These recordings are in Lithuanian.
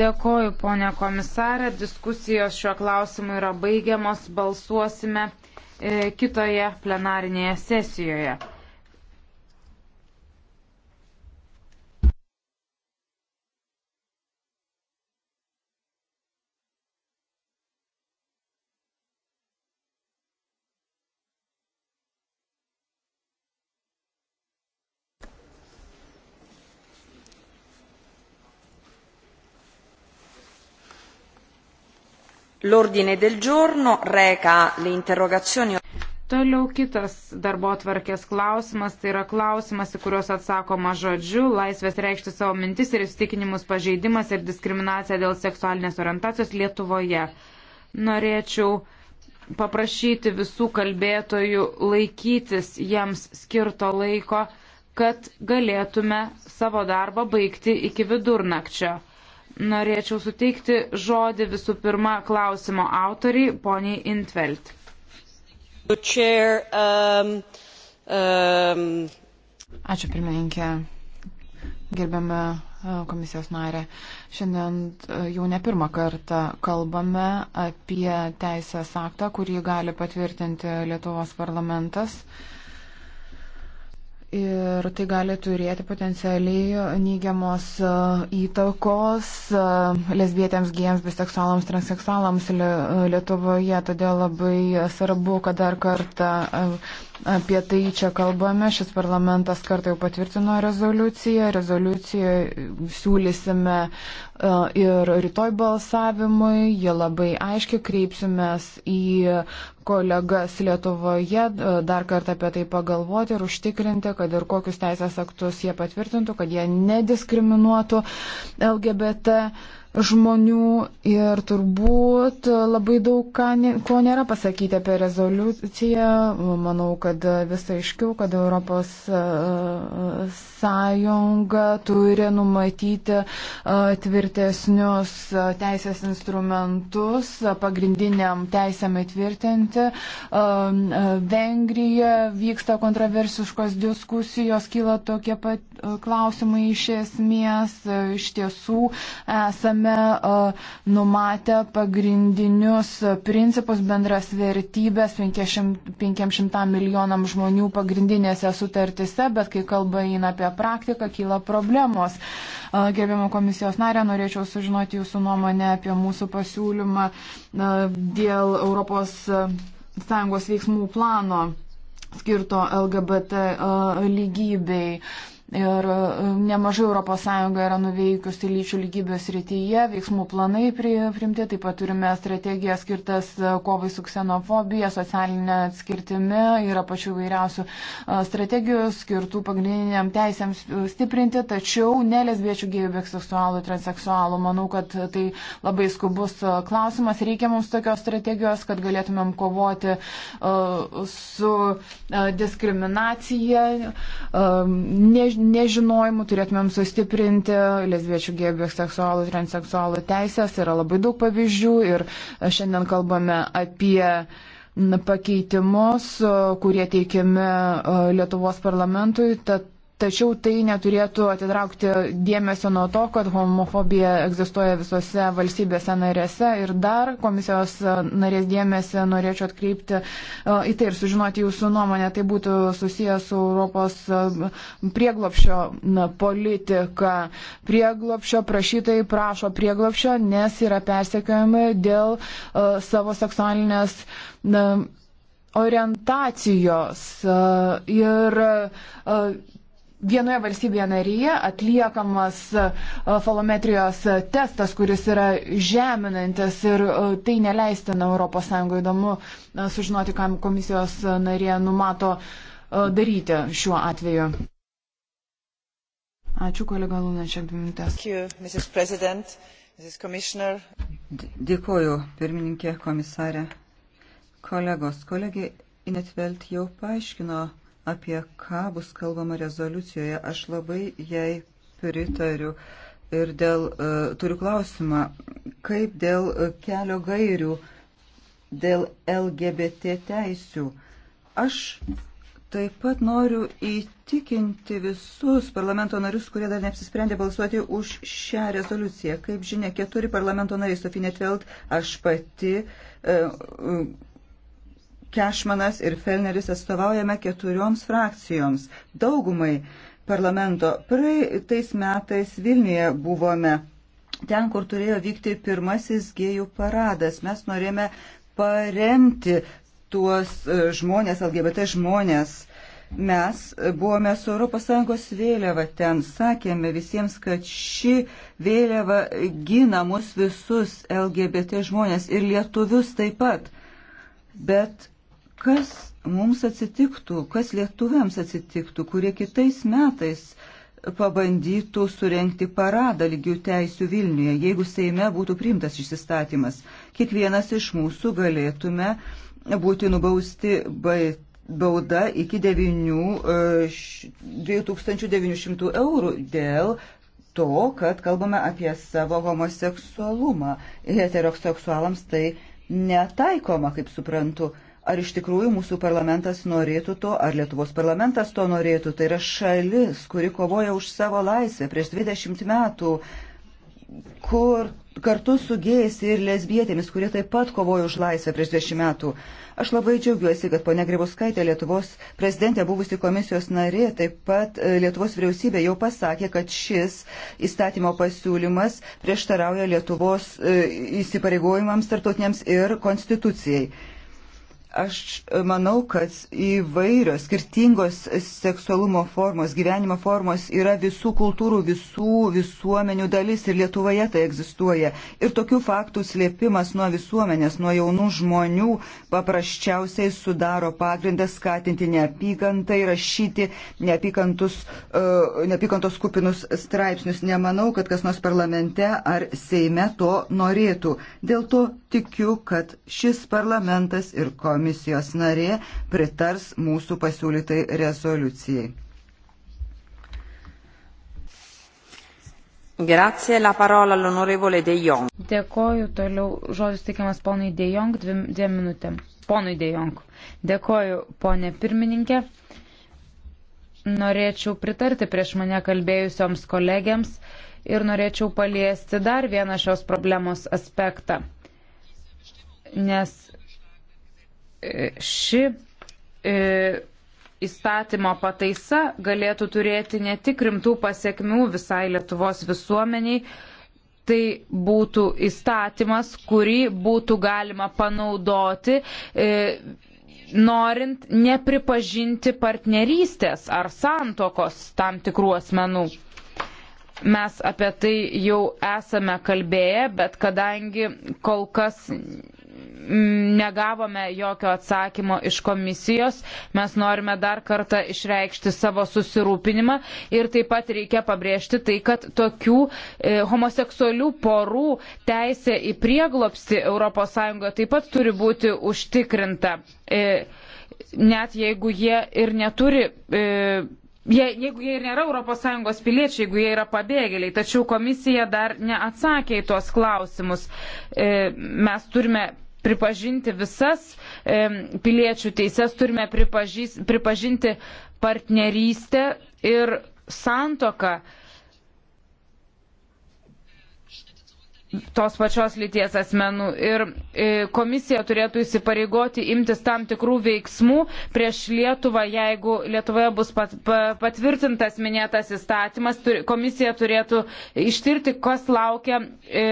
Dėkoju, ponė komisarė. Diskusijos šiuo klausimu yra baigiamos. Balsuosime e, kitoje plenarinėje sesijoje. L'ordine del giorno reca le interrogazioni. Toliau kitas darbo tvarkės klausimas, tai yra klausimas, į kuriuos atsakoma žodžiu, laisvės reikšti savo mintis ir įsitikinimus pažeidimas ir diskriminacija dėl seksualinės orientacijos Lietuvoje. Norėčiau paprašyti visų kalbėtojų laikytis jiems skirto laiko, kad galėtume savo darbą baigti iki vidurnakčio norėčiau suteikti žodį visų pirma klausimo autoriai, poniai Intvelt. Um, um, Ačiū pirmininkė, gerbiame uh, komisijos narė. Šiandien uh, jau ne pirmą kartą kalbame apie teisės aktą, kurį gali patvirtinti Lietuvos parlamentas. Uh, Ir tai gali turėti potencialiai neigiamos e, įtakos e, lesbietėms, gėjams, biseksualams, transseksualams e, Lietuvoje. Todėl labai svarbu, kad dar kartą apie tai čia kalbame. Šis parlamentas kartą jau patvirtino rezoliuciją. Rezoliuciją siūlysime ir rytoj balsavimui. Jie labai aiškiai kreipsimės į kolegas Lietuvoje e, dar kartą apie tai pagalvoti ir užtikrinti, kad ir kokius teisės aktus jie patvirtintų, kad jie nediskriminuotų LGBT žmonių ir turbūt labai daug ką, ko nėra pasakyti apie rezoliuciją. Manau, kad visai aiškiau, kad Europos e, sąjunga turi numatyti e, tvirtesnius e, teisės instrumentus pagrindiniam teisėm įtvirtinti. Vengrija vyksta kontroversiškos diskusijos, kyla tokie pat klausimai iš esmės. Iš tiesų esame esame numatę pagrindinius principus, bendras vertybės 500, 500 milijonam žmonių pagrindinėse sutartise, bet kai kalba eina apie praktiką, kyla problemos. Gerbimo komisijos narė, norėčiau sužinoti jūsų nuomonę apie mūsų pasiūlymą dėl Europos Sąjungos veiksmų plano skirto LGBT lygybei. Ir e, nemažai ES yra nuveikusi lyčių lygybės rytyje, veiksmų planai priimti, taip pat turime strategiją skirtas e, kovai su ksenofobija, socialinė atskirtimi, yra pačių vairiausių e, strategijų skirtų pagrindiniam teisėms stiprinti, tačiau nelesbiečių gėjų, biseksualų, transeksualų. Manau, kad tai labai skubus klausimas. Reikia mums tokios strategijos, kad galėtumėm kovoti su diskriminacija. Než nežinojimu, turėtumėm sustiprinti lesbiečių, gėjų, seksualų, transseksualų teisės. Yra labai daug pavyzdžių ir šiandien kalbame apie pakeitimus, kurie teikiami e, Lietuvos parlamentui. Tad Tačiau tai neturėtų atitraukti dėmesio nuo to, kad homofobija egzistuoja visose valstybėse narėse. Ir dar komisijos narės dėmesį norėčiau atkreipti e, į tai ir sužinoti jūsų nuomonę. Tai būtų susijęs su Europos e, prieglopšio politika. Prieglopšio prašytojai prašo prieglopšio, nes yra persekiojami dėl e, savo seksualinės orientacijos. Ir vienoje valstybėje narėje atliekamas e, falometrijos testas, kuris yra žeminantis ir e, tai neleistina ES. Įdomu e, sužinoti, kam komisijos narė numato daryti šiuo atveju. Ačiū, kolega Lunačiak, dvi minutės. Dėkuoju, pirmininkė, komisarė. Kolegos, kolegė Inetvelt jau paaiškino apie ką bus kalbama rezoliucijoje. Aš labai jai pritariu ir dėl, uh, turiu klausimą, kaip dėl e, kelio gairių, dėl LGBT teisių. Aš taip pat noriu įtikinti visus parlamento narius, kurie dar neapsisprendė balsuoti už šią rezoliuciją. Kaip žinia, keturi parlamento nariai, Sofinė Tvelt, aš pati. Uh, uh, Kešmanas ir Felneris atstovaujame keturioms frakcijoms, daugumai parlamento. Praeitais metais Vilniuje buvome ten, kur turėjo vykti pirmasis gėjų paradas. Mes norėjome paremti tuos e, žmonės, LGBT žmonės. Mes buvome su ES vėliava ten, sakėme visiems, kad ši vėliava gina mus visus LGBT žmonės ir lietuvius taip pat. Bet Kas mums atsitiktų, kas lietuviams atsitiktų, kurie kitais metais pabandytų surenkti paradą lygių teisių Vilniuje, jeigu Seime būtų priimtas šis įstatymas. Kiekvienas iš mūsų galėtume būti nubausti bauda iki 9, 2900 e, eurų dėl to, kad kalbame apie savo homoseksualumą. Heteroseksualams tai netaikoma, kaip suprantu. Ar iš tikrųjų mūsų parlamentas norėtų to, ar Lietuvos parlamentas to norėtų? Tai yra šalis, kuri kovoja už savo laisvę prieš 20 metų, kur kartu su gėjais ir lesbietėmis, kurie taip pat kovojo už laisvę prieš 20 metų. Aš labai džiaugiuosi, kad ponia Grybauskaitė, Lietuvos prezidentė, buvusi komisijos narė, taip pat e, Lietuvos vyriausybė jau pasakė, kad šis įstatymo pasiūlymas prieštarauja Lietuvos e, įsipareigojimams tartutiniams ir konstitucijai. Aš manau, kad įvairios skirtingos seksualumo formos, gyvenimo formos yra visų kultūrų, visų visuomenių dalis ir Lietuvoje tai egzistuoja. Ir tokių faktų slėpimas nuo visuomenės, nuo jaunų žmonių paprasčiausiai sudaro pagrindą skatinti neapykantą ir rašyti neapykantus, e, neapykantos kupinus straipsnius. Nemanau, kad kas nors parlamente ar Seime to norėtų. Dėl to tikiu, kad šis parlamentas ir komisija komisijos narė pritars mūsų pasiūlytai rezoliucijai. Grazie, la parola all'onorevole De Jong. Dėkoju, toliau žodis teikiamas ponui De Jong dviem, dviem minutėm. Ponui De Jong. Dėkoju, ponė pirmininkė. Norėčiau pritarti prieš mane kalbėjusioms kolegiams ir norėčiau paliesti dar vieną šios problemos aspektą. Nes ši e, įstatymo pataisa galėtų turėti ne tik rimtų pasiekmių visai Lietuvos visuomeniai, tai būtų įstatymas, kurį būtų galima panaudoti. E, norint nepripažinti partnerystės ar santokos tam tikrų asmenų. Mes apie tai jau esame kalbėję, bet kadangi kol kas negavome jokio atsakymo iš komisijos. Mes norime dar kartą išreikšti savo susirūpinimą ir taip pat reikia pabrėžti tai, kad tokių e, homoseksualių porų teisė į prieglopsti ES taip pat turi būti užtikrinta. E, net jeigu jie ir neturi. E, Jie, jeigu jie ir nėra ES piliečiai, jeigu jie yra pabėgėliai, tačiau komisija dar neatsakė į tuos klausimus, e, mes turime pripažinti visas e, piliečių teises, turime pripažys, pripažinti partnerystę ir santoką. E, tos pačios lyties asmenų. Ir e, komisija turėtų įsipareigoti imtis tam tikrų veiksmų prieš Lietuvą, jeigu Lietuvoje bus pat, patvirtintas minėtas įstatymas. Komisija turėtų ištirti, kas laukia e,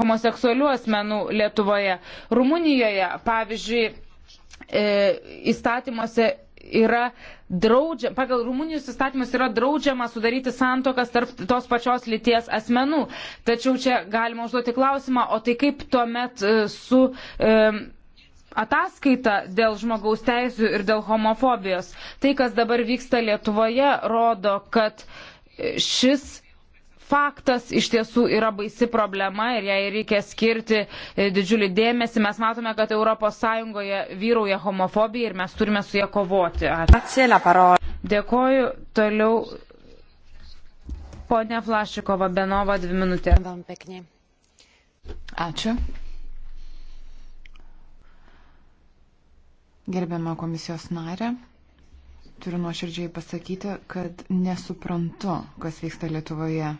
homoseksualių asmenų Lietuvoje. Rumunijoje, pavyzdžiui, e, įstatymuose yra draudžiama, pagal Rumunijos įstatymus yra draudžiama sudaryti santokas tarp tos pačios lyties asmenų. Tačiau čia galima užduoti klausimą, o tai kaip tuomet e, su. E, ataskaita dėl žmogaus teisų ir dėl homofobijos. Tai, kas dabar vyksta Lietuvoje, rodo, kad šis faktas iš tiesų yra baisi problema ir jai reikia skirti e, didžiulį dėmesį. Mes matome, kad ES vyrauja homofobija ir mes turime su ją kovoti. Ačiū. Dėkoju. Toliau. Pone Flašikova, Benova, dvi minutės. Ačiū. Gerbiama komisijos narė, turiu nuoširdžiai pasakyti, kad nesuprantu, kas vyksta Lietuvoje.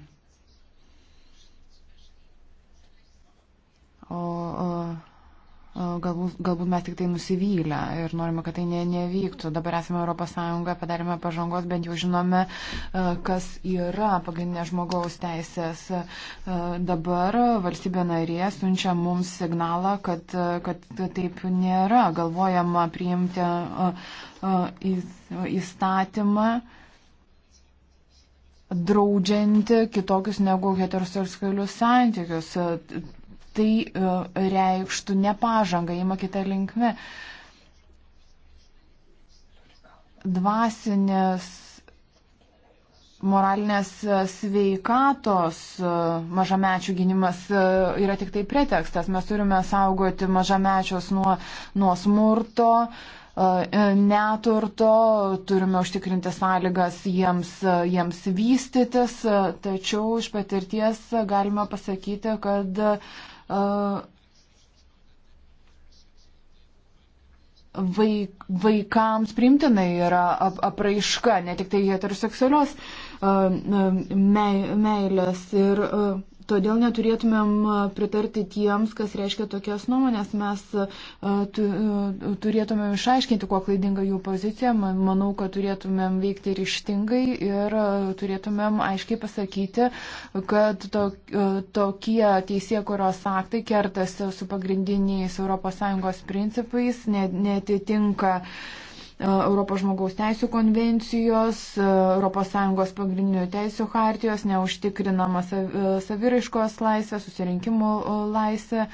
O, o galbūt, galbūt mes tik tai nusivylę ir norime, kad tai ne, nevyktų. Dabar esame Europos Sąjunga, padarėme pažangos, bent jau žinome, e, kas yra pagrindinės žmogaus teisės. E, dabar valstybė narė siunčia mums signalą, kad, e, kad taip nėra. Galvojama priimti įstatymą draudžianti kitokius negu heteroseksualius santykius tai e, reikštų ne pažangą, įma kitą linkmę. Dvasinės moralinės sveikatos e, mažamečių gynimas e, yra tik tai pretekstas. Mes turime saugoti mažamečios nuo, nuo smurto, neturto, turime užtikrinti sąlygas jiems, jiems vystytis, tačiau iš patirties galime pasakyti, kad vaik, vaikams primtina yra ap, apraiška, ne tik tai heteroseksualios me, meilės. Ir, uh, Todėl neturėtumėm pritarti tiems, kas reiškia tokias nuomonės. Mes turėtumėm išaiškinti, kuo klaidinga jų pozicija. Manau, kad turėtumėm veikti ryštingai ir turėtumėm aiškiai pasakyti, kad tokie teisė, kurios aktai kertasi su pagrindiniais ES principais, netitinka. Ne E, Europos žmogaus teisų konvencijos, ES pagrindinių teisų hartijos, neužtikrinama e, saviraiškos laisvė, susirinkimų e, laisvė.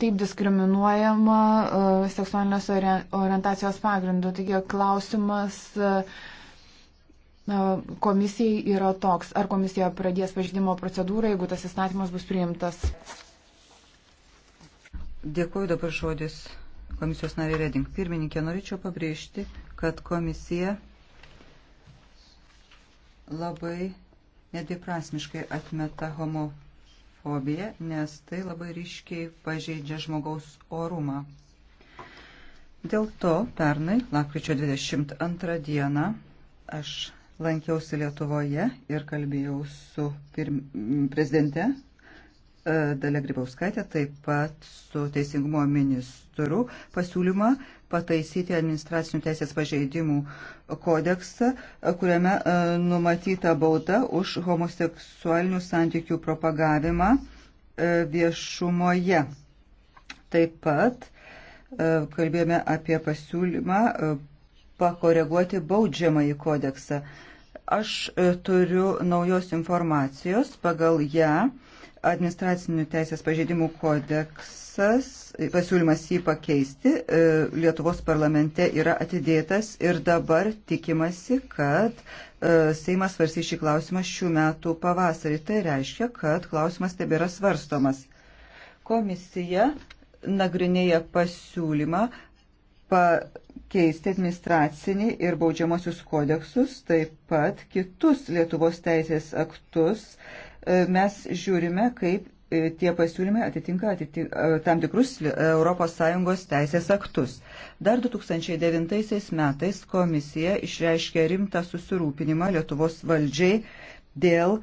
Taip diskriminuojama seksualinės orientacijos pagrindu. Taigi klausimas komisijai yra toks, ar komisija pradės pažydimo procedūrą, jeigu tas įstatymas bus priimtas. Dėkuoju dabar žodis komisijos narė Reding. Pirmininkė, norėčiau pabrėžti, kad komisija labai nedviprasmiškai atmeta homofobiją, nes tai labai ryškiai pažeidžia žmogaus orumą. Dėl to pernai, lakryčio 22 dieną, aš lankiausi Lietuvoje ir kalbėjau su pirm... prezidente E, Dalia Grybauskaitė taip pat su Teisingumo ministru pasiūlymą pataisyti administracinių teisės pažeidimų kodeksą, e, kuriame e, numatyta bauda už homoseksualinių santykių propagavimą viešumoje. Taip pat kalbėjome apie pasiūlymą pakoreguoti baudžiamąjį kodeksą. Aš turiu naujos informacijos, pagal ją administracinių teisės pažeidimų kodeksas, pasiūlymas jį pakeisti, e, Lietuvos parlamente yra atidėtas ir dabar tikimasi, kad e, Seimas svarsys šį klausimą šių metų pavasarį. Tai reiškia, kad klausimas tebėra svarstomas. Komisija nagrinėja pasiūlymą pakeisti administracinį ir baudžiamosius kodeksus, taip pat kitus Lietuvos teisės aktus E, mes žiūrime, kaip e, tie pasiūlymai atitinka atitink, e, tam tikrus ES teisės aktus. Dar 2009 metais komisija išreiškė rimtą susirūpinimą Lietuvos valdžiai dėl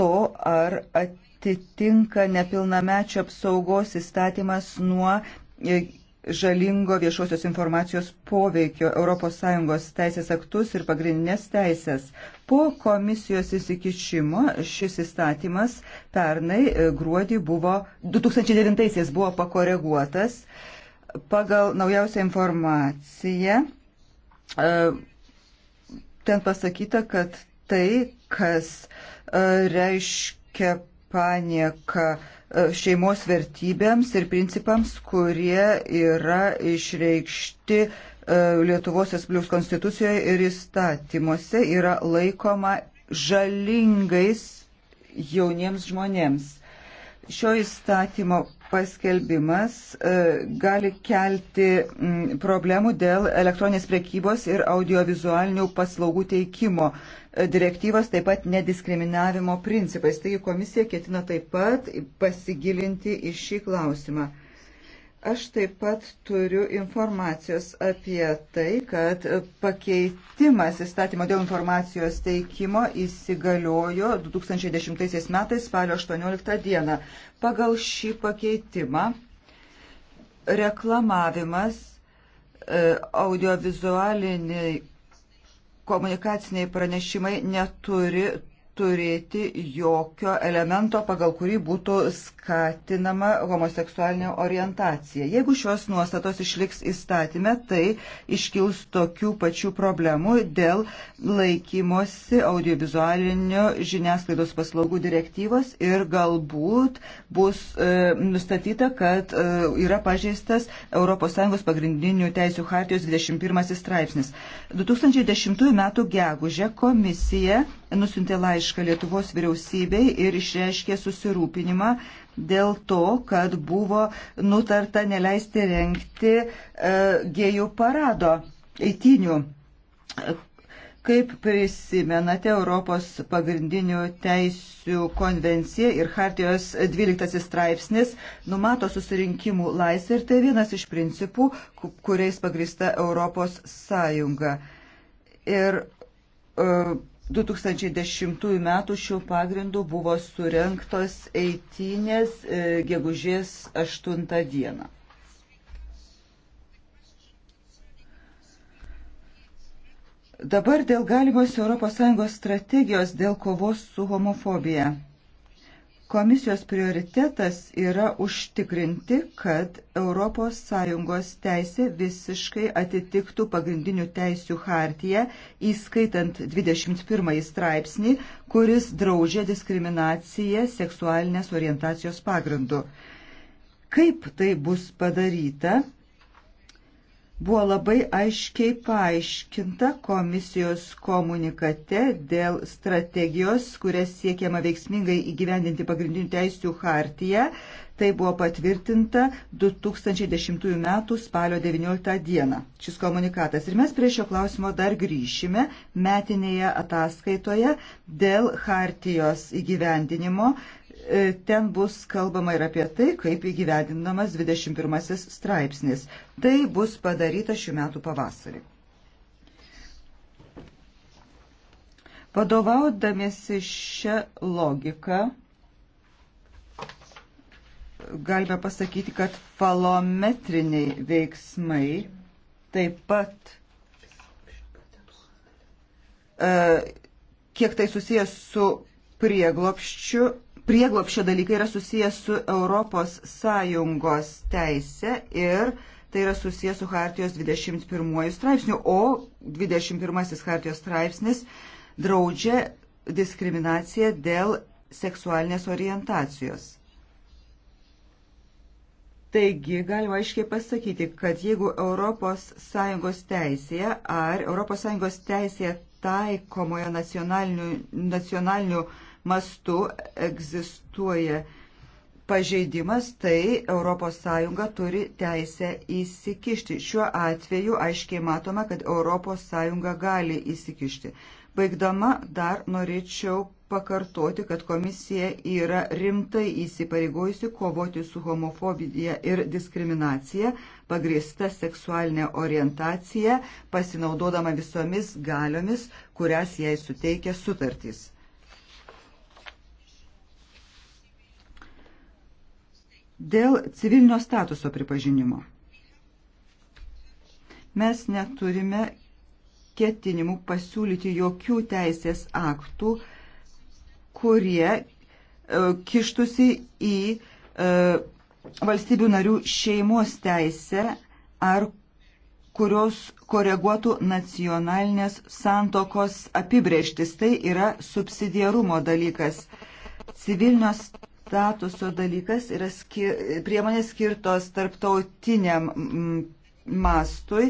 to, ar atitinka nepilnamečio apsaugos įstatymas nuo žalingo viešosios informacijos poveikio ES teisės aktus ir pagrindinės teisės. Po komisijos įsikišimo šis įstatymas pernai e, gruodį buvo, 2009-aisiais buvo pakoreguotas pagal naujausią informaciją. E, ten pasakyta, kad tai, kas e, reiškia panieką šeimos vertybėms ir principams, kurie yra išreikšti E, Lietuvos Respublikos konstitucijoje ir įstatymuose yra laikoma žalingais jauniems žmonėms. Šio įstatymo paskelbimas e, gali kelti problemų dėl elektroninės priekybos ir audiovizualinių paslaugų teikimo e, direktyvos, taip pat nediskriminavimo principais. Taigi komisija ketina taip pat pasigilinti į šį klausimą. Aš taip pat turiu informacijos apie tai, kad pakeitimas įstatymo dėl informacijos teikimo įsigaliojo 2010 metais spalio 18 dieną. Pagal šį pakeitimą reklamavimas e, audiovizualiniai komunikaciniai pranešimai neturi turėti jokio elemento, pagal kurį būtų skatinama homoseksualinė orientacija. Jeigu šios nuostatos išliks įstatymę, tai iškils tokių pačių problemų dėl laikymosi audiovizualinio žiniasklaidos paslaugų direktyvos ir galbūt bus e, nustatyta, kad e, yra pažeistas ES pagrindinių teisų hartijos 21 straipsnis. 2010 m. gegužė komisija nusintė laišką Lietuvos vyriausybei ir išreiškė susirūpinimą dėl to, kad buvo nutarta neleisti renkti e, gėjų parado eitinių. Kaip prisimenate, Europos pagrindinių teisių konvencija ir Hartijos 12 straipsnis numato susirinkimų laisvę ir tai vienas iš principų, kuriais pagrįsta Europos Sąjunga. Ir uh, e, 2010 m. šiuo pagrindu buvo surinktos eitynės e, gegužės 8 dieną. Dabar dėl galimos ES strategijos dėl kovos su homofobija. Komisijos prioritetas yra užtikrinti, kad ES teisė visiškai atitiktų pagrindinių teisių hartiją, įskaitant 21 straipsnį, kuris draudžia diskriminaciją seksualinės orientacijos pagrindu. Kaip tai bus padaryta, buvo labai aiškiai paaiškinta komisijos komunikate dėl strategijos, kurias siekiama veiksmingai įgyvendinti pagrindinių teisių hartiją. Tai buvo patvirtinta 2010 m. spalio 19 d. šis komunikatas. Ir mes prie šio klausimo dar grįšime metinėje ataskaitoje dėl hartijos įgyvendinimo E, ten bus kalbama ir apie tai, kaip įgyvendinamas 21 straipsnis. Tai bus padaryta šių metų pavasarį. Vadovaudamėsi šią logiką, galime pasakyti, kad falometriniai veiksmai taip pat e, kiek tai susijęs su prieglopščiu prieglopšio dalykai yra susijęs su Europos Sąjungos teise ir tai yra susijęs su Hartijos 21 straipsniu, o 21 Hartijos straipsnis draudžia diskriminaciją dėl seksualinės orientacijos. Taigi galima aiškiai pasakyti, kad jeigu ES teisėje ar ES teisėje taikomoje nacionalinių, nacionalinių mastu egzistuoja pažeidimas, tai ES turi teisę įsikišti. Šiuo atveju aiškiai matoma, kad ES gali įsikišti. Baigdama dar norėčiau pakartoti, kad komisija yra rimtai įsipareigojusi kovoti su homofobija ir diskriminacija, pagrįsta seksualinė orientacija, pasinaudodama visomis galiomis, kurias jai suteikia sutartys. Dėl civilinio statuso pripažinimo. Mes neturime ketinimų pasiūlyti jokių teisės aktų, kurie e, kištusi į e, valstybių narių šeimos teisę ar kurios koreguotų nacionalinės santokos apibrieštis. Tai yra subsidiarumo dalykas. Civilinio statuso dalykas yra skir priemonės skirtos tarptautiniam mastui,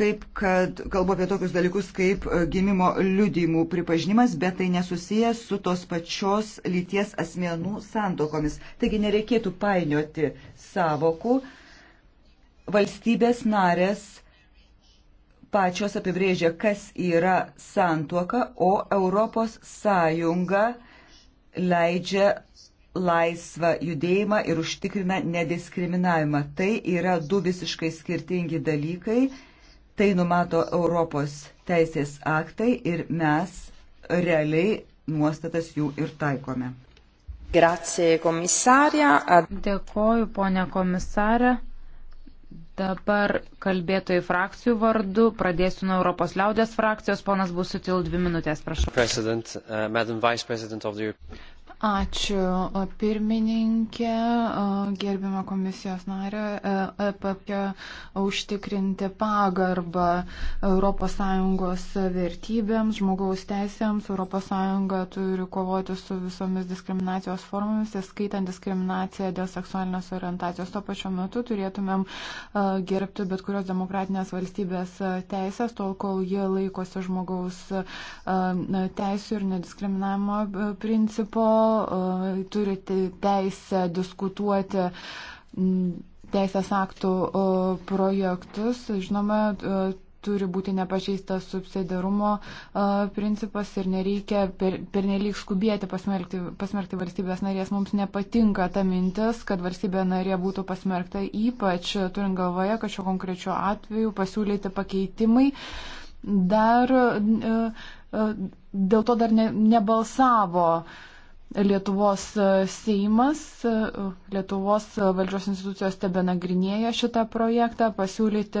kaip kad kalbu apie tokius dalykus kaip e, gimimo liudymų pripažinimas, bet tai nesusijęs su tos pačios lyties asmenų santokomis. Taigi nereikėtų painioti savokų. Valstybės narės pačios apibrėžia, kas yra santuoka, o Europos Sąjunga leidžia laisvą judėjimą ir užtikrina nediskriminavimą. Tai yra du visiškai skirtingi dalykai, tai numato Europos teisės aktai ir mes realiai nuostatas jų ir taikome. Grazie, komisarė. Dėkoju, ponė komisarė. Dabar kalbėtojų frakcijų vardu. Pradėsiu nuo Europos liaudės frakcijos. Ponas Busutil, dvi minutės, prašau. President, uh, Ačiū pirmininkė, gerbimo komisijos narė, apie e užtikrinti pagarbą ES vertybėms, žmogaus teisėms. ES turi kovoti su visomis diskriminacijos formomis, įskaitant diskriminaciją dėl seksualinės orientacijos. Tuo pačiu metu turėtumėm gerbti bet kurios demokratinės valstybės teisės, tol kol jie laikosi žmogaus teisų ir nediskriminavimo principo turi teisę diskutuoti teisės aktų projektus. Žinoma, turi būti nepažeistas subsidiarumo principas ir nereikia per, per nelik skubėti pasmerkti, pasmerkti valstybės narės. Mums nepatinka ta mintis, kad valstybė narė būtų pasmerkta, ypač turint galvoje, kad šiuo konkrečiu atveju pasiūlyti pakeitimai dar e, e, dėl to dar ne, nebalsavo. Lietuvos e, Seimas, e, Lietuvos valdžios institucijos tebe nagrinėja šitą projektą, pasiūlyti e,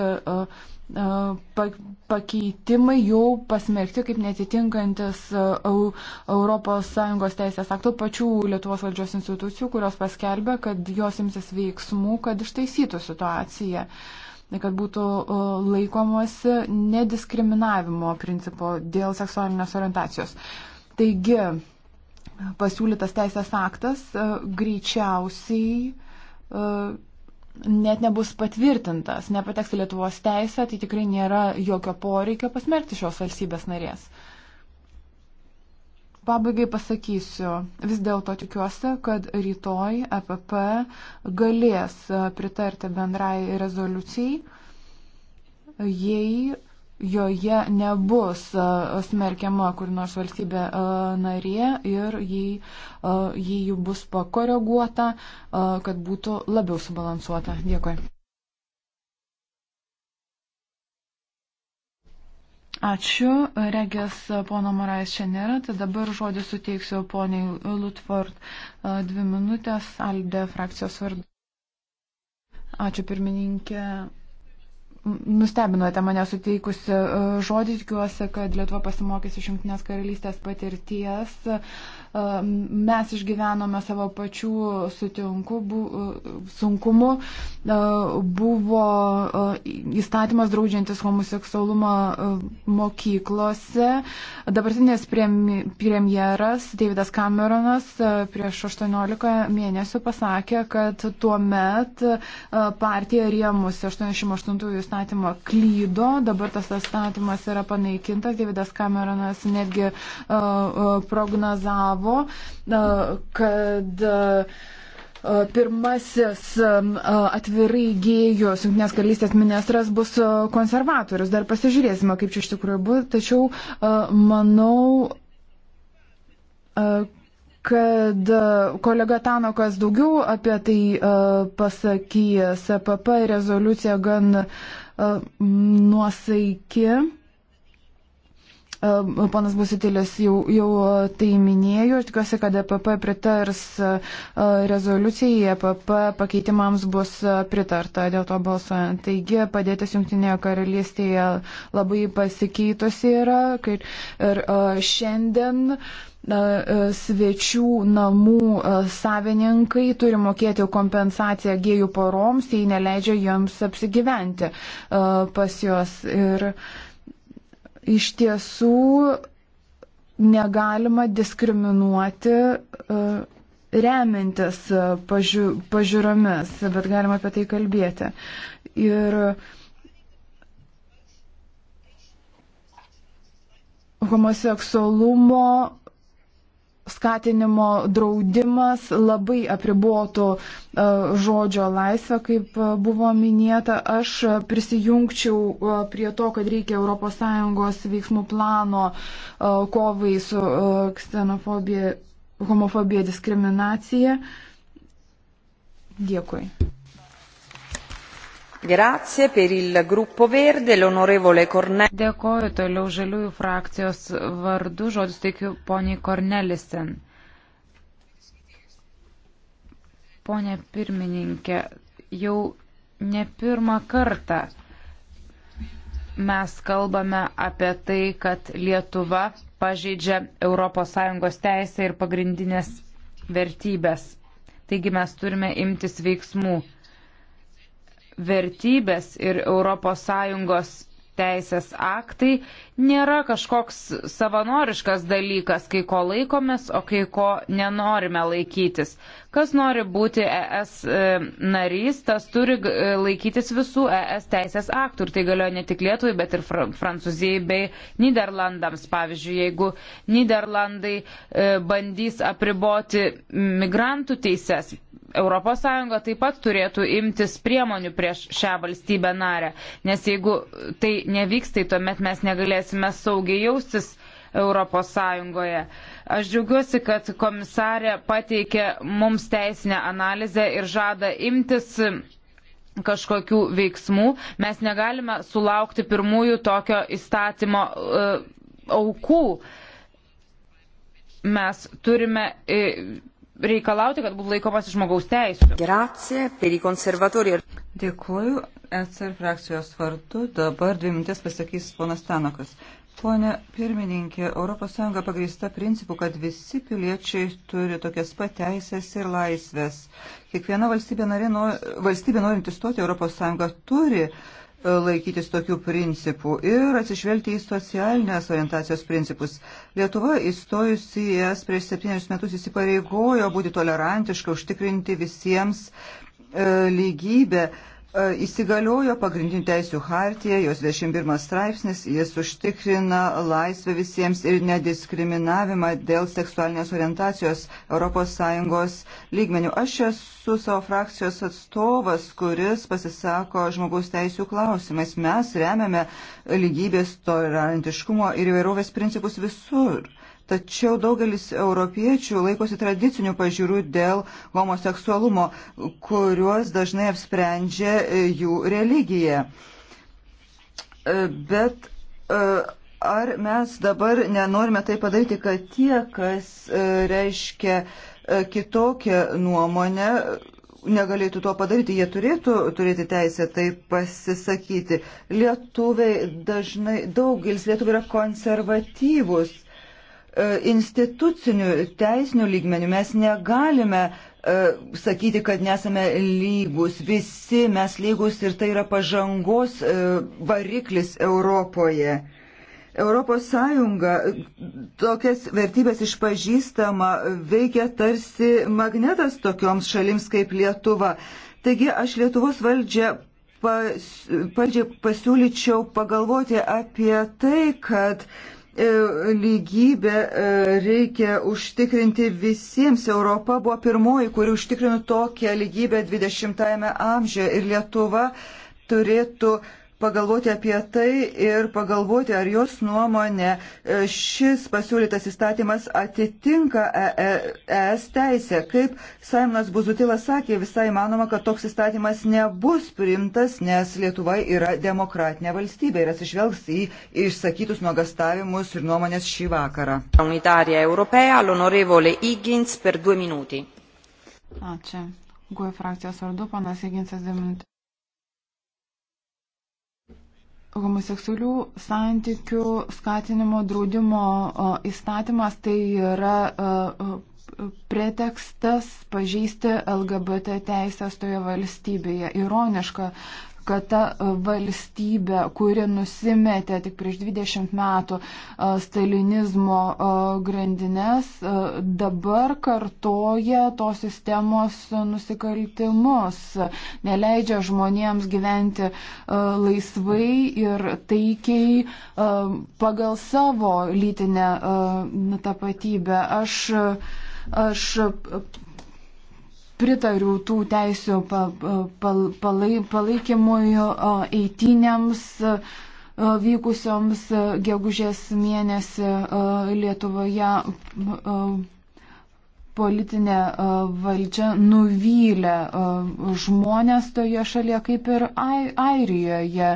pakeitimai jau pasmerkti kaip netitinkantis ES teisės aktų pačių Lietuvos valdžios institucijų, kurios paskelbė, kad jos imsis veiksmų, kad ištaisytų situaciją kad būtų laikomasi nediskriminavimo principo dėl seksualinės orientacijos. Taigi, pasiūlytas teisės aktas e, greičiausiai e, net nebus patvirtintas, nepateks į Lietuvos teisę, tai tikrai nėra jokio poreikio pasmerkti šios valstybės narės. Pabaigai pasakysiu, vis dėlto tikiuosi, kad rytoj EPP galės pritarti bendrai rezoliucijai, jei joje nebus e, smerkiama kur nors valstybė e, narė ir jei, e, jei jų bus pakoreguota, kad būtų labiau subalansuota. Dėkui. Ačiū. Regės pono Marais čia nėra, tai dabar žodį suteiksiu poniai Lutford dvi minutės Alde frakcijos vardu. Ačiū pirmininkė nustebinote mane suteikusi e, žodį, tikiuosi, kad Lietuva pasimokys iš Junktinės karalystės patirties mes išgyvenome savo pačių sutinku, bu, sunkumu. Buvo įstatymas draudžiantis homoseksualumą mokyklose. Dabartinės premjeras Davidas Cameronas prieš 18 mėnesių pasakė, kad tuo met partija rėmusi 88 įstatymą klydo. Dabar tas įstatymas yra panaikintas. Davidas Cameronas netgi prognozavo akcentavo, kad pirmasis atvirai gėjus Junktinės karalystės ministras bus konservatorius. Dar pasižiūrėsime, kaip čia iš tikrųjų bus. Tačiau manau, kad kolega Tanokas daugiau apie tai pasakys. PP rezoliucija gan nuosaiki. Ponas Busitilis jau, jau tai minėjo, aš tikiuosi, kad EPP pritars e, rezoliucijai, EPP pakeitimams bus e, pritarta dėl to balsuojant. Taigi padėtis Junktinėje karalystėje labai pasikeitusi yra ir, ir e, šiandien svečių namų savininkai turi mokėti kompensaciją gėjų poroms, jei neleidžia joms apsigyventi pas juos. Ir, uh, iš tiesų negalima diskriminuoti e, remiantis e, pažiū, pažiūromis, bet galima apie tai kalbėti. Ir homoseksualumo skatinimo draudimas labai apribotų e, žodžio laisvę, kaip e, buvo minėta. Aš prisijungčiau e, prie to, kad reikia ES veiksmų plano kovai su ksenofobija, homofobija, diskriminacija. Dėkui. Verde, Dėkoju toliau žaliųjų frakcijos vardu, žodis teikiu poniai Kornelisen. Pone pirmininkė, jau ne pirmą kartą mes kalbame apie tai, kad Lietuva pažeidžia ES teisę ir pagrindinės vertybės. Taigi mes turime imtis veiksmų vertybės ir ES teisės aktai nėra kažkoks savanoriškas dalykas, kai ko laikomės, o kai ko nenorime laikytis. Kas nori būti ES e, narys, tas turi e, laikytis visų ES teisės aktų. Ir tai galioja ne tik Lietuvai, bet ir Fran Prancūzijai bei Niderlandams. Pavyzdžiui, jeigu Niderlandai e, bandys apriboti migrantų teises, ES taip pat turėtų imtis priemonių prieš šią valstybę narę, nes jeigu tai nevyks, tai tuomet mes negalėsime saugiai jaustis ES. Aš džiaugiuosi, kad komisarė pateikė mums teisinę analizę ir žada imtis kažkokių veiksmų. Mes negalime sulaukti pirmųjų tokio įstatymo uh, aukų. Mes turime. Uh, reikalauti, kad būtų laikomas žmogaus teisų. Dėkuoju. ECR frakcijos vardu dabar dvi mintis pasakys ponas Tanokas. Pone pirmininkė, ES pagrįsta principu, kad visi piliečiai turi tokias pat teisės ir laisvės. Kiekviena valstybė, norė, valstybė norinti stoti ES turi uh, laikytis tokių principų ir atsižvelgti į socialinės orientacijos principus. Lietuva įstojusi į es prieš septynerius metus įsipareigojo būti tolerantiška, užtikrinti visiems e, lygybę. E, įsigaliojo pagrindinių teisių hartija, jos 21 straipsnis, jis užtikrina laisvę visiems ir nediskriminavimą dėl seksualinės orientacijos ES lygmenių. Aš esu savo frakcijos atstovas, kuris pasisako žmogaus teisių klausimais. Mes remiame lygybės, tolerantiškumo ir įvairovės principus visur. Tačiau daugelis europiečių laikosi tradicinių pažiūrų dėl homoseksualumo, kuriuos dažnai apsprendžia e, jų religija. E, bet e, ar mes dabar nenorime tai padaryti, kad tie, kas reiškia kitokią nuomonę, negalėtų to padaryti, jie turėtų turėti teisę tai pasisakyti. Lietuviai dažnai, daugelis lietuvių yra konservatyvus E, institucinių teisinių lygmenių mes negalime e, sakyti, kad nesame lygus. Visi mes lygus ir tai yra pažangos e, variklis Europoje. Europos Sąjunga tokias vertybės išpažįstama veikia tarsi magnetas tokioms šalims kaip Lietuva. Taigi aš Lietuvos valdžią pas, pasiūlyčiau pagalvoti apie tai, kad uh, E, lygybę e, reikia užtikrinti visiems. Europa buvo pirmoji, kuri užtikrino tokią lygybę 20-ame amžiuje ir Lietuva turėtų uh, pagalvoti apie tai ir pagalvoti, ar jos nuomonė e, šis pasiūlytas įstatymas atitinka ES e teisę. Kaip Saimonas Buzutilas sakė, visai manoma, kad toks įstatymas nebus priimtas, nes Lietuva yra demokratinė valstybė ir atsižvelgs į išsakytus nuogastavimus ir nuomonės šį vakarą. Ačiū. Guoja frakcijos vardu, panas Eginsas Demintis homoseksualių santykių skatinimo draudimo įstatymas tai yra pretekstas pažeisti LGBT teisės toje valstybėje. Ironiška, kad ta e, valstybė, kuri nusimetė tik prieš 20 metų e, stalinizmo e, grandinės, dabar kartoja tos sistemos nusikaltimus, neleidžia žmonėms gyventi laisvai ir taikiai pagal savo lytinę tapatybę. Aš, aš pritariu tų teisių palaikymui eitinėms vykusioms gegužės mėnesį Lietuvoje politinė valdžia nuvylė žmonės toje šalyje kaip ir Airijoje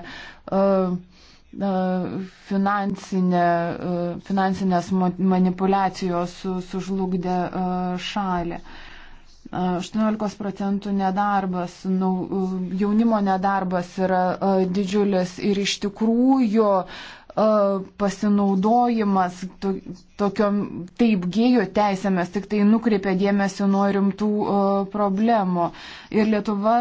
finansinė, finansinės manipulacijos sužlugdė šalį. 18 procentų nedarbas, nu, jaunimo nedarbas yra uh, didžiulis ir iš tikrųjų uh, pasinaudojimas to, tokiom taip gėjų teisėmis tik tai nukreipia dėmesį nuo rimtų uh, problemų. Ir Lietuva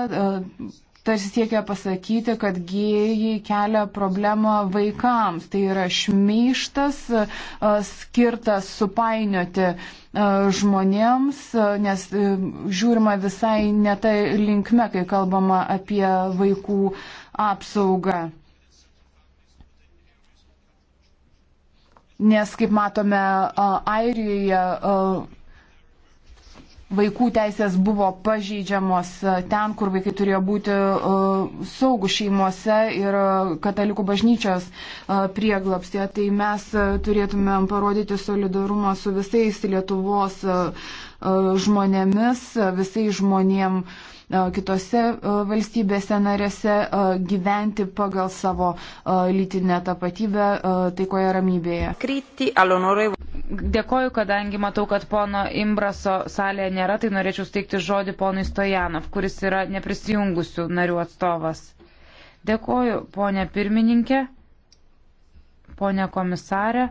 tarsi siekia pasakyti, kad gėjai kelia problemą vaikams. Tai yra šmeištas skirtas supainioti E, žmonėms, e, nes e, žiūrima visai ne tai linkme, kai kalbama apie vaikų apsaugą. Nes, kaip matome, Airijoje vaikų teisės buvo pažeidžiamos ten, kur vaikai turėjo būti e, saugų šeimuose ir e, katalikų bažnyčios e, prieglapstė. Tai mes turėtumėm parodyti solidarumą su visais Lietuvos žmonėmis, visais žmonėmis kitose valstybėse narėse gyventi pagal savo lytinę tapatybę taikoje ramybėje. Dėkoju, kadangi matau, kad pono Imbraso salėje nėra, tai norėčiau steigti žodį ponui Stojanov, kuris yra neprisijungusių narių atstovas. Dėkoju, ponė pirmininkė, ponė komisarė.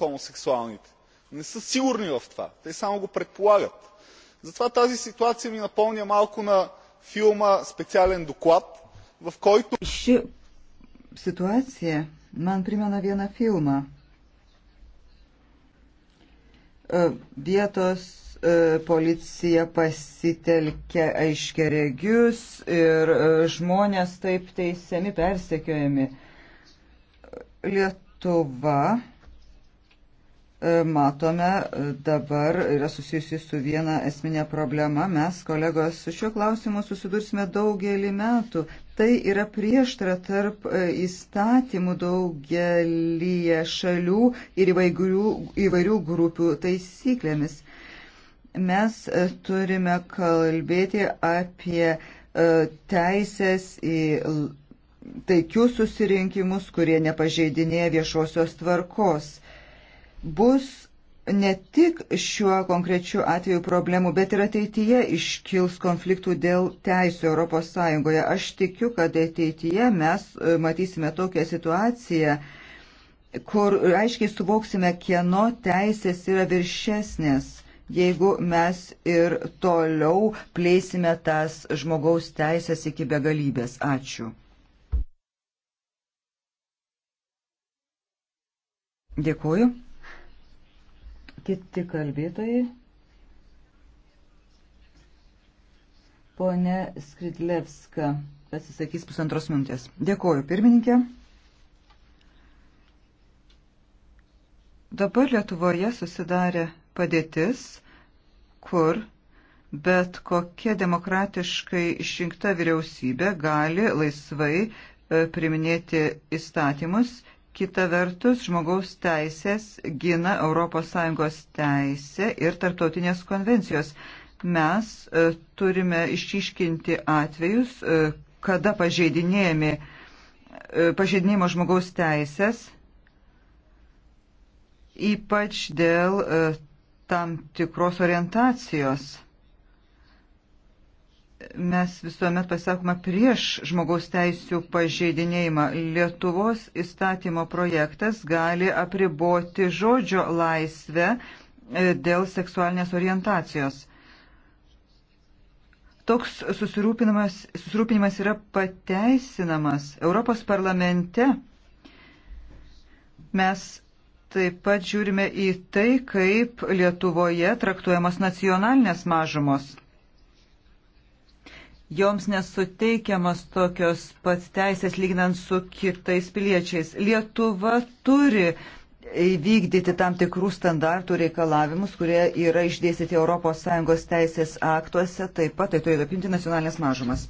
Homoseksualinit. Не са сигурни в това. Те само го предполагат затова тази ситуация ми напомня малко на филма специален доклад в който Ši situacija man primena vieną filmą. Vietos policija pasitelkia aiškeregius ir žmonės taip teisiami, persekiojami. Lietuva E, matome e, dabar yra susijusi su viena esminė problema. Mes, kolegos, su šiuo klausimu susidursime daugelį metų. Tai yra prieštara tarp e, įstatymų daugelį šalių ir įvairių, įvairių grupių taisyklėmis. Mes turime kalbėti apie teisės į taikius susirinkimus, kurie nepažeidinėja viešosios tvarkos bus ne tik šiuo konkrečiu atveju problemų, bet ir ateityje iškils konfliktų dėl teisų ES. Aš tikiu, kad ateityje mes e, matysime tokią situaciją, kur aiškiai suvoksime, kieno teisės yra viršesnės, jeigu mes ir toliau plėsime tas žmogaus teisės iki begalybės. Ačiū. Dėkuoju kiti kalbėtojai. Pone Skridlevska pasisakys pusantros minutės. Dėkoju, pirmininkė. Dabar Lietuvoje susidarė padėtis, kur bet kokia demokratiškai išrinkta vyriausybė gali laisvai e, priminėti įstatymus Kita vertus, žmogaus teisės gina ES teisę ir tarptautinės konvencijos. Mes e, turime išryškinti atvejus, e, kada pažeidinėjami e, pažeidinėjimo žmogaus teisės, ypač dėl e, tam tikros orientacijos mes visuomet pasakoma prieš žmogaus teisų pažeidinėjimą. Lietuvos įstatymo projektas gali apriboti žodžio laisvę e, dėl seksualinės orientacijos. Toks susirūpinimas, susirūpinimas yra pateisinamas. Europos parlamente mes taip pat žiūrime į tai, kaip Lietuvoje traktuojamos nacionalinės mažumos joms nesuteikiamas tokios pat teisės lyginant su kitais piliečiais. Lietuva turi įvykdyti tam tikrų standartų reikalavimus, kurie yra išdėstyti ES teisės aktuose, taip pat tai turėtų apimti nacionalinės mažumas.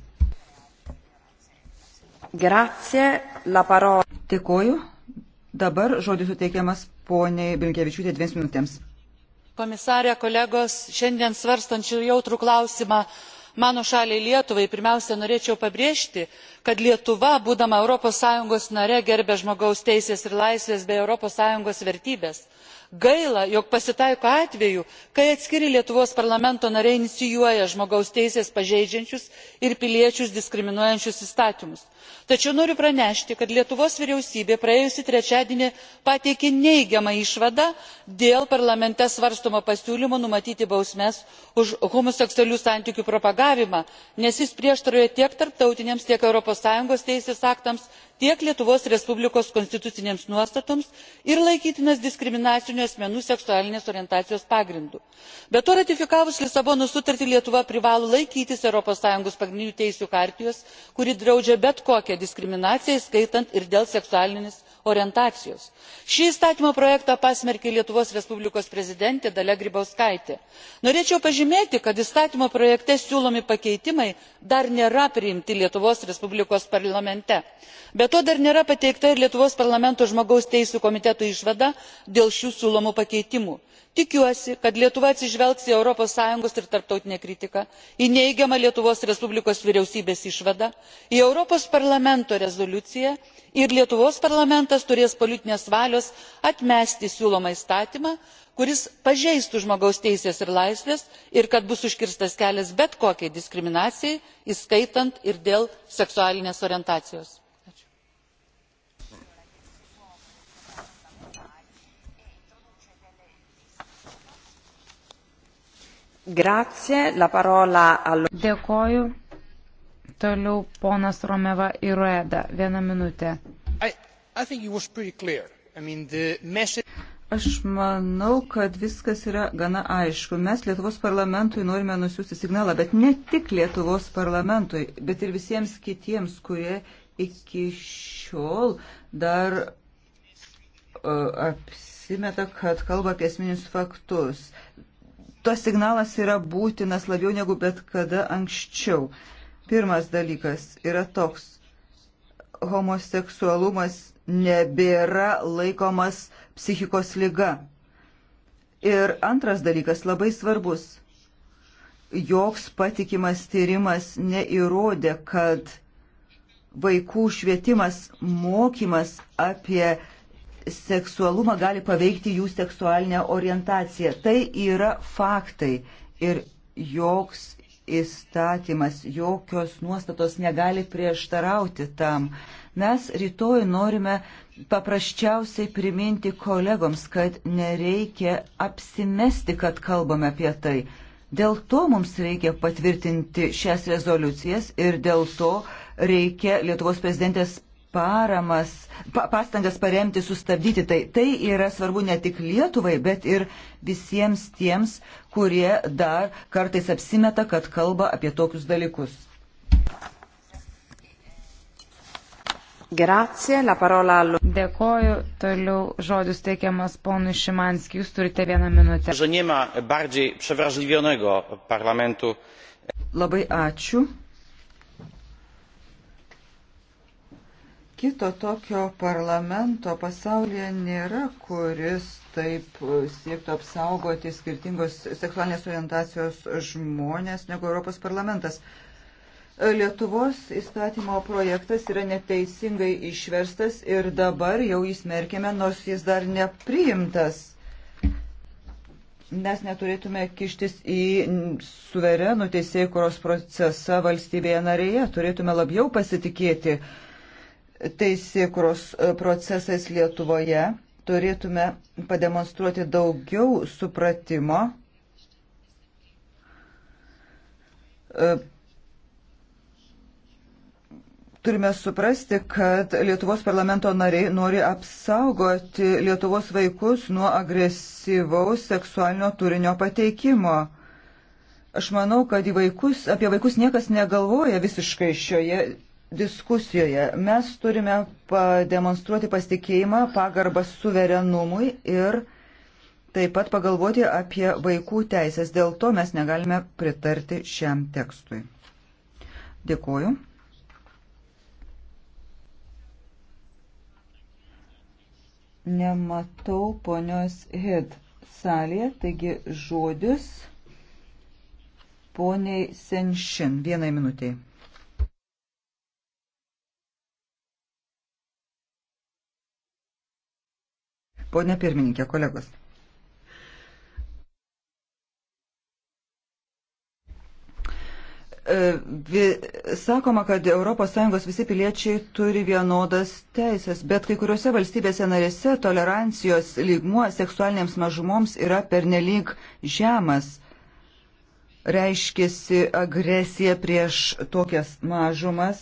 Grazie, la parola. Dėkoju. Dabar žodis suteikiamas poniai Bilkevičiūtė dviems minutėms. Komisarė, kolegos, šiandien svarstančių jautrų klausimą mano šaliai lietuvai pirmiausia norėčiau pabrėžti kad lietuva būdama europos sąjungos nare gerbia žmogaus teises ir laisves bei europos sąjungos vertybes. gaila jog pasitaiko atvejų kai atskiri lietuvos parlamento nariai inicijuoja žmogaus teises pažeidžiančius ir piliečius diskriminuojančius įstatymus tačiau noriu pranešti kad lietuvos vyriausybė praėjusį trečiadienį pateikė neigiamą išvadą dėl parlamente svarstomo pasiūlymo numatyti bausmes už homoseksualių santykių propagavimą nes jis prieštarauja tiek tarptautiniams tiek europos sąjungos teisės aktams tiek lietuvos respublikos konstitucinėms nuostatoms ir laikytinas diskriminaciniu asmenų seksualinės orientacijos pagrindu. be to ratifikavus lisabonos sutartį lietuva privalo laikytis europos sąjungos pagrindinių teisių hartijos kuri draudžia bet tokią diskriminaciją įskaitant ir dėl seksualinės orientacijos orientacijos. šį įstatymo projektą pasmerkė lietuvos respublikos prezidentė dalia grybauskaitė. norėčiau pažymėti kad įstatymo projekte siūlomi pakeitimai dar nėra priimti lietuvos respublikos parlamente. be to dar nėra pateikta ir lietuvos parlamento žmogaus teisių komiteto išvada dėl šių siūlomų pakeitimų. tikiuosi kad lietuva atsižvelgs į europos sąjungos ir tarptautinę kritiką į neigiamą lietuvos respublikos vyriausybės išvadą į europos parlamento rezoliuciją ir lietuvos parlamentas parlamentas turės politinės valios atmesti siūlomą įstatymą kuris pažeistų žmogaus teises ir laisves ir kad bus užkirstas kelias bet kokiai diskriminacijai įskaitant ir dėl seksualinės orientacijos. Dėkoju. Toliau ponas Romeva Irueda. Vieną minutę. Aš manau, kad viskas yra gana aišku. Mes Lietuvos parlamentui norime nusiųsti signalą, bet ne tik Lietuvos parlamentui, bet ir visiems kitiems, kurie iki šiol dar uh, apsimeta, kad kalba apie esminius faktus. Tas signalas yra būtinas labiau negu bet kada anksčiau. Pirmas dalykas yra toks. Homoseksualumas nebėra laikomas psichikos lyga. Ir antras dalykas labai svarbus. Joks patikimas tyrimas neįrodė, kad vaikų švietimas, mokymas apie seksualumą gali paveikti jų seksualinę orientaciją. Tai yra faktai ir joks įstatymas, jokios nuostatos negali prieštarauti tam. Mes rytoj norime paprasčiausiai priminti kolegoms, kad nereikia apsimesti, kad kalbame apie tai. Dėl to mums reikia patvirtinti šias rezoliucijas ir dėl to reikia Lietuvos prezidentės paramas, pa, pastangas paremti, sustabdyti. Tai, tai yra svarbu ne tik Lietuvai, bet ir visiems tiems, kurie dar kartais apsimeta, kad kalba apie tokius dalykus. Grazie, la parola allo. Dėkoju, toliau žodis teikiamas ponui Šimanskijui, jūs turite vieną minutę. Labai ačiū. Kito tokio parlamento pasaulyje nėra, kuris taip siektų apsaugoti skirtingos seksualinės orientacijos žmonės negu Europos parlamentas. Lietuvos įstatymo projektas yra neteisingai išverstas ir dabar jau įsmerkėme, nors jis dar nepriimtas. Mes neturėtume kištis į suverenų teisėjų kuros procesą valstybėje narėje, turėtume labiau pasitikėti uh, teisėkros e, procesais Lietuvoje turėtume pademonstruoti daugiau supratimo e, turime suprasti, kad Lietuvos parlamento nariai nori apsaugoti Lietuvos vaikus nuo agresyvaus seksualinio turinio pateikimo. Aš manau, kad vaikus, apie vaikus niekas negalvoja visiškai šioje diskusijoje. Mes turime pademonstruoti pasitikėjimą, pagarbą suverenumui ir taip pat pagalvoti apie vaikų teisės. Dėl to mes negalime pritarti šiam tekstui. Dėkuoju. Nematau ponios Hed salėje, taigi žodis poniai Senšin. Vienai minutiai. Pone pirmininkė, kolegos. E, vi, sakoma, kad ES visi piliečiai turi vienodas teisės, bet kai kuriuose valstybėse narėse tolerancijos lygmuo seksualinėms mažumoms yra pernelyg žemas. Reiškėsi agresija prieš tokias mažumas,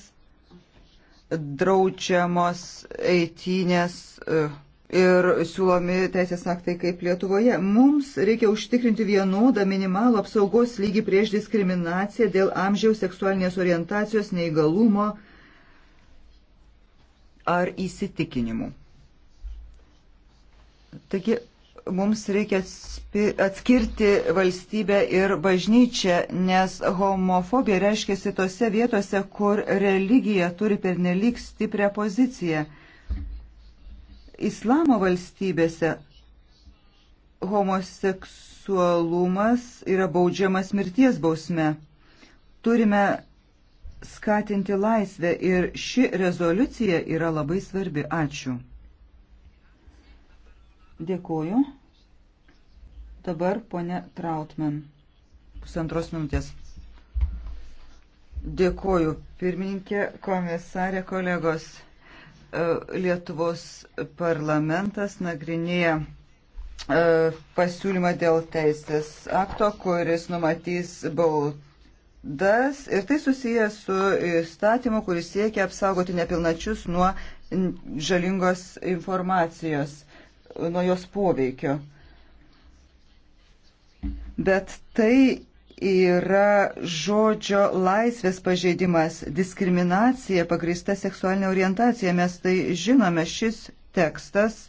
draudžiamos eitynės, e, ir siūlomi teisės aktai kaip Lietuvoje. Mums reikia užtikrinti vienodą minimalų apsaugos lygį prieš diskriminaciją dėl amžiaus seksualinės orientacijos, neįgalumo ar įsitikinimų. Taigi mums reikia atskirti valstybę ir bažnyčią, nes homofobija reiškia tose vietose, kur religija turi pernelyg stiprią poziciją. Islamo valstybėse homoseksualumas yra baudžiamas mirties bausme. Turime skatinti laisvę ir ši rezoliucija yra labai svarbi. Ačiū. Dėkuoju. Dabar ponė Trautman. Pusantros minutės. Dėkuoju, pirmininkė, komisarė, kolegos. Lietuvos parlamentas nagrinėja e, pasiūlymą dėl teisės akto, kuris numatys baudas ir tai susijęs su įstatymu, kuris siekia apsaugoti nepilnačius nuo žalingos informacijos, nuo jos poveikio. Bet tai yra žodžio laisvės pažeidimas, diskriminacija pagrįsta seksualinė orientacija. Mes tai žinome, šis tekstas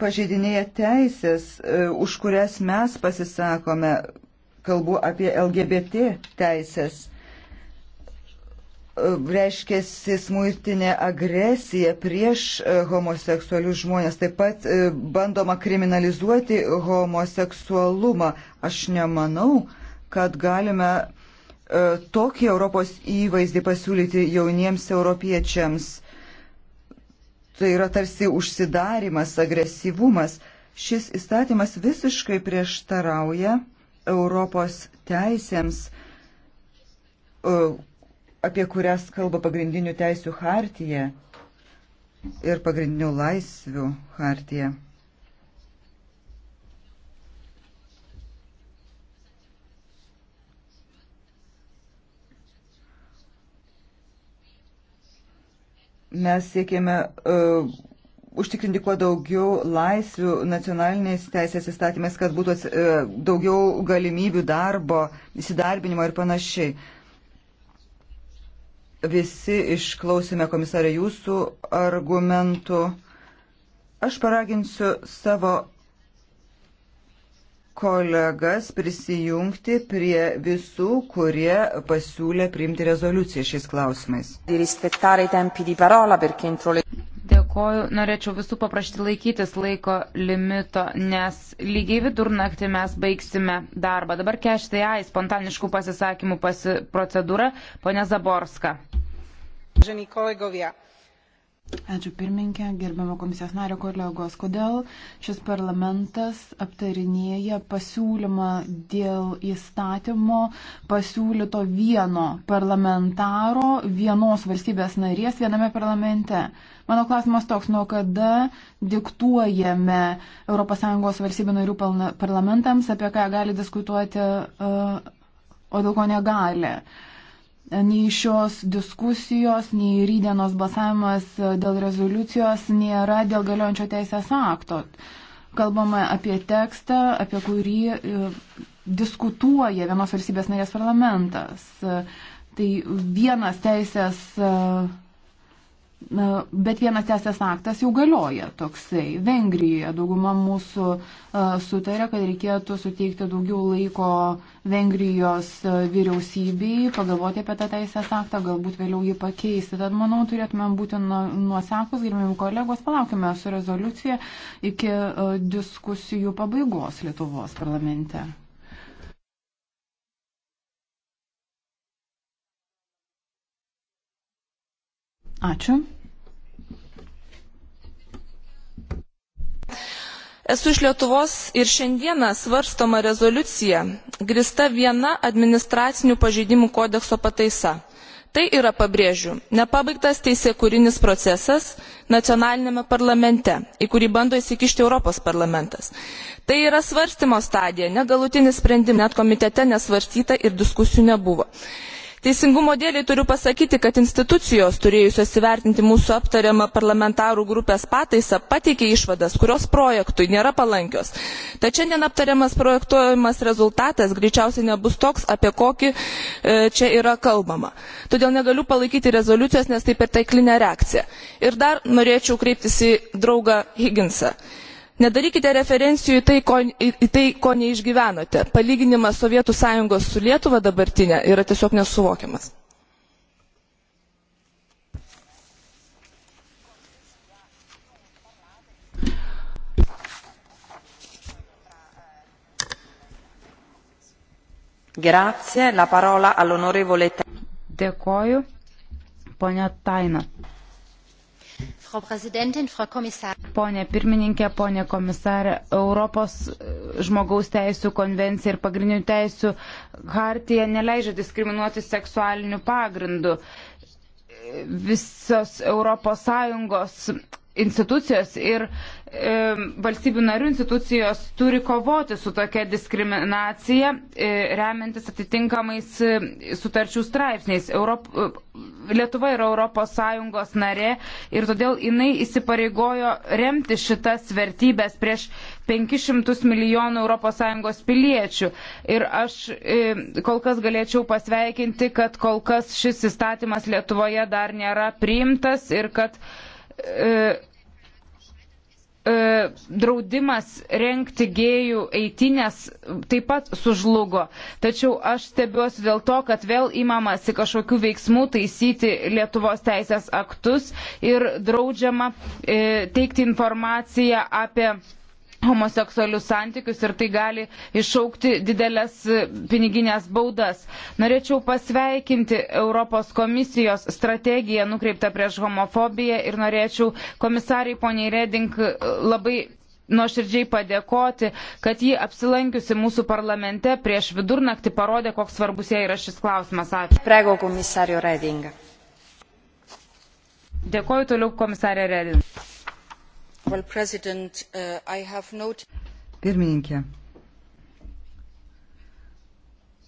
pažeidinėja teisės, e, už kurias mes pasisakome, kalbu apie LGBT teisės reiškėsi smurtinė agresija prieš e, homoseksualius žmonės. Taip pat e, bandoma kriminalizuoti homoseksualumą. Aš nemanau, kad galime e, tokį Europos įvaizdį pasiūlyti jauniems europiečiams. Tai yra tarsi užsidarimas, agresyvumas. Šis įstatymas visiškai prieštarauja Europos teisėms apie kurias kalba pagrindinių teisių hartija ir pagrindinių laisvių hartija. Mes siekėme uh, e, užtikrinti kuo daugiau laisvių nacionalinės teisės įstatymės, kad būtų uh, daugiau galimybių darbo, įsidarbinimo ir panašiai. Uh, visi išklausime komisarė jūsų argumentų. Aš paraginsiu savo kolegas prisijungti prie visų, kurie pasiūlė priimti rezoliuciją šiais klausimais. Dėkoju, norėčiau visų paprašyti laikytis laiko limito, nes lygiai vidurnaktį mes baigsime darbą. Dabar keštai AI spontaniškų pasisakymų pasi procedūra, ponė Zaborska vážení kolegovia Ačiū pirmininkė, gerbiamo komisijos nario kolegos. Kodėl šis parlamentas aptarinėja pasiūlymą dėl įstatymo pasiūlyto vieno parlamentaro vienos valstybės narės viename parlamente? Mano klausimas toks, nuo kada diktuojame ES valstybių narių parlamentams, apie ką gali diskutuoti, e, o dėl ko negali? Uh, nei šios diskusijos, nei rydienos balsavimas dėl rezoliucijos nėra dėl galiojančio teisės akto. Kalbame apie tekstą, apie kurį e, diskutuoja vienos valstybės narės parlamentas. E, tai vienas teisės e, Bet vienas teisės aktas jau galioja toksai. Vengrijoje dauguma mūsų e, sutarė, kad reikėtų suteikti daugiau laiko Vengrijos e, vyriausybei, pagalvoti apie tą teisės aktą, galbūt vėliau jį pakeisti. Tad, manau, turėtumėm būti nu, nuosekus, gerbėjim kolegos, palaukime su rezoliucija iki e, diskusijų pabaigos Lietuvos parlamente. Ačiū. Esu iš Lietuvos ir šiandieną svarstoma rezoliucija grista viena administracinių pažeidimų kodekso pataisa. Tai yra, pabrėžiu, nepabaigtas teisėkūrinis procesas nacionalinėme parlamente, į kurį bando įsikišti Europos parlamentas. Tai yra svarstymo stadija, negalutinis sprendimas, net komitete nesvarstyta ir diskusijų nebuvo. Teisingumo dėliai turiu pasakyti, kad institucijos turėjusios įvertinti mūsų aptariamą parlamentarų grupės pataisą pateikė išvadas, kurios projektui nėra palankios. Tačiau šiandien aptariamas projektuojamas rezultatas greičiausiai nebus toks, apie kokį e, čia yra kalbama. Todėl negaliu palaikyti rezoliucijos, nes tai perteklinė reakcija. Ir dar norėčiau kreiptis į draugą Higginsą nedarykite referencijų į tai, ko, į tai, ko neišgyvenote. Palyginimas Sovietų sąjungos su Lietuva dabartinė yra tiesiog nesuvokiamas. Grazie, la parola all'onorevole. Dėkoju, ponia Taina. Pone pirmininkė, pone komisarė, Europos e, žmogaus teisų konvencija ir pagrindinių teisų hartija neleidžia diskriminuoti seksualiniu pagrindu. E, visos ES institucijos ir e, valstybių narių institucijos turi kovoti su tokia diskriminacija, e, remiantis atitinkamais e, sutarčių straipsniais. Europ, e, Lietuva yra ES narė ir todėl jinai įsipareigojo remti šitas vertybės prieš 500 milijonų ES piliečių. Ir aš e, kol kas galėčiau pasveikinti, kad kol kas šis įstatymas Lietuvoje dar nėra priimtas ir kad e, E, draudimas renkti gėjų eitinės taip pat sužlugo. Tačiau aš stebiuosi dėl to, kad vėl įmamasi kažkokių veiksmų taisyti Lietuvos teisės aktus ir draudžiama e, teikti informaciją apie homoseksualius santykius ir tai gali išaukti didelės e, piniginės baudas. Norėčiau pasveikinti Europos komisijos strategiją nukreiptą prieš homofobiją ir norėčiau komisariai poniai Reding e, labai nuoširdžiai padėkoti, kad ji apsilankiusi mūsų parlamente prieš vidurnaktį parodė, koks svarbus jai yra šis klausimas. Ačiū. Prego komisario Reding. Dėkoju toliau komisarė Reding. Uh, Pirmininkė,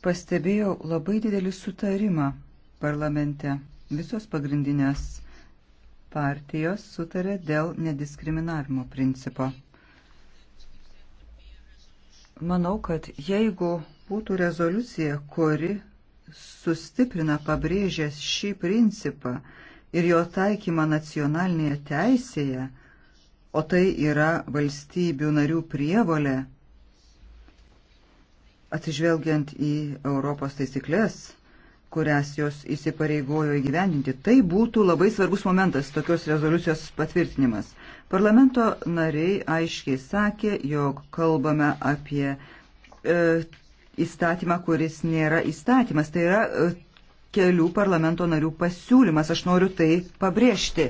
pastebėjau labai didelį sutarimą parlamente. Visos pagrindinės partijos sutarė dėl nediskriminavimo principo. Manau, kad jeigu būtų rezoliucija, kuri sustiprina pabrėžęs šį principą ir jo taikymą nacionalinėje teisėje, o tai yra valstybių narių prievolė atsižvelgiant į Europos taisyklės, kurias jos įsipareigojo įgyvendinti. Tai būtų labai svarbus momentas tokios rezoliucijos patvirtinimas. Parlamento nariai aiškiai sakė, jog kalbame apie e, įstatymą, kuris nėra įstatymas. Tai yra e, kelių parlamento narių pasiūlymas. Aš noriu tai pabrėžti.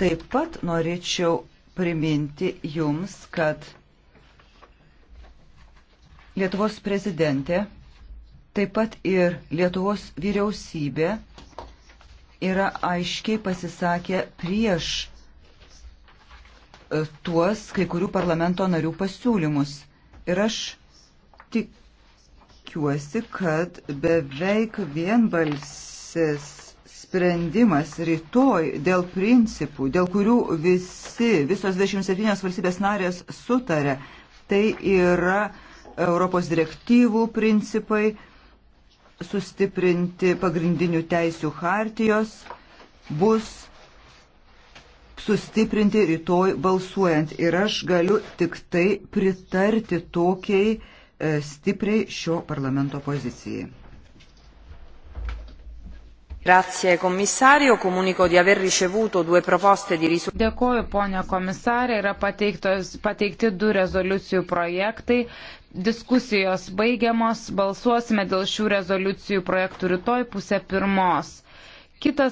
Taip pat norėčiau priminti jums, kad Lietuvos prezidentė, taip pat ir Lietuvos vyriausybė yra aiškiai pasisakę prieš e, tuos kai kurių parlamento narių pasiūlymus. Ir aš tikiuosi, kad beveik vienbalsis sprendimas rytoj dėl principų, dėl kurių visi, visos 27 valstybės narės sutarė, tai yra Europos direktyvų principai, sustiprinti pagrindinių teisių hartijos, bus sustiprinti rytoj balsuojant. Ir aš galiu tik tai pritarti tokiai e, stipriai šio parlamento pozicijai. Grazie, komisario. Komuniko di aver ricevuto due proposte di risoluzione. Dėkoju, ponia komisarė. Yra pateikti du rezoliucijų projektai. Diskusijos baigiamos. Balsuosime dėl šių rezoliucijų projektų rytoj pusę pirmos. Kitas